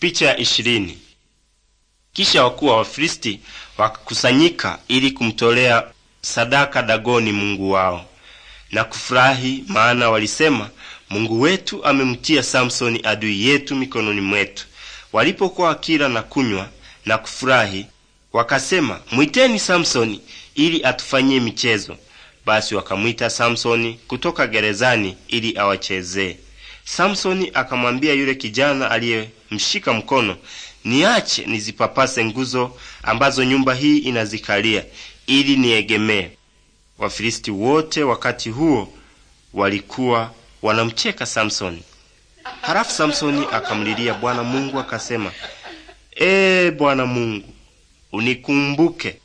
Picha ya ishirini. Kisha wakuu wa Wafilisti wakakusanyika ili kumtolea sadaka Dagoni mungu wao na kufurahi, maana walisema, Mungu wetu amemtia Samsoni adui yetu mikononi mwetu. Walipokuwa wakila na kunywa na kufurahi, wakasema, mwiteni Samsoni ili atufanyie michezo. Basi wakamwita Samsoni kutoka gerezani ili awachezee. Samsoni akamwambia yule kijana aliyemshika mkono, niache nizipapase nguzo ambazo nyumba hii inazikalia ili niegemee. Wafilisti wote wakati huo walikuwa wanamcheka Samsoni. Halafu Samsoni akamlilia Bwana Mungu akasema, Ee Bwana Mungu, unikumbuke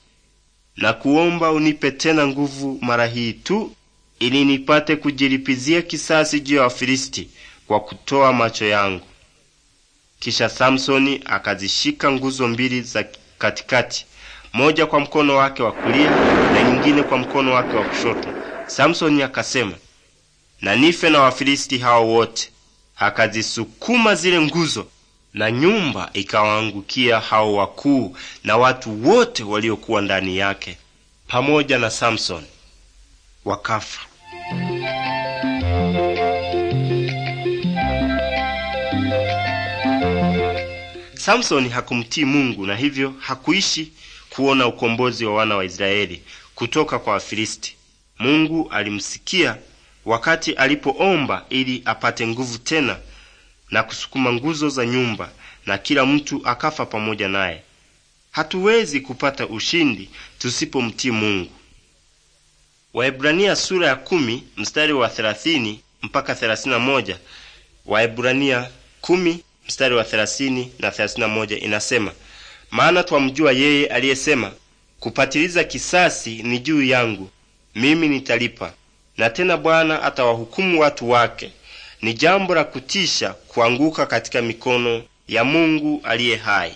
na kuomba unipe tena nguvu mara hii tu, ili nipate kujilipizia kisasi juu ya Wafilisti kwa kutoa macho yangu. Kisha Samsoni akazishika nguzo mbili za katikati, moja kwa mkono wake wa kulia na nyingine kwa mkono wake wa kushoto. Samsoni akasema, na nife na Wafilisti hao wote. Akazisukuma zile nguzo na nyumba ikawaangukia hao wakuu na watu wote waliokuwa ndani yake pamoja na Samsoni wakafa. Samsoni hakumtii Mungu na hivyo hakuishi kuona ukombozi wa wana wa Israeli kutoka kwa Wafilisti. Mungu alimsikia wakati alipoomba ili apate nguvu tena na kusukuma nguzo za nyumba na kila mtu akafa pamoja naye. Hatuwezi kupata ushindi tusipomtii Mungu. Waebrania sura ya kumi mstari wa thelathini mpaka thelathini na moja Waebrania kumi mstari wa 30 na 31 inasema, maana twamjua yeye aliyesema, kupatiliza kisasi ni juu yangu, mimi nitalipa, na tena Bwana atawahukumu watu wake. Ni jambo la kutisha kuanguka katika mikono ya Mungu aliye hai.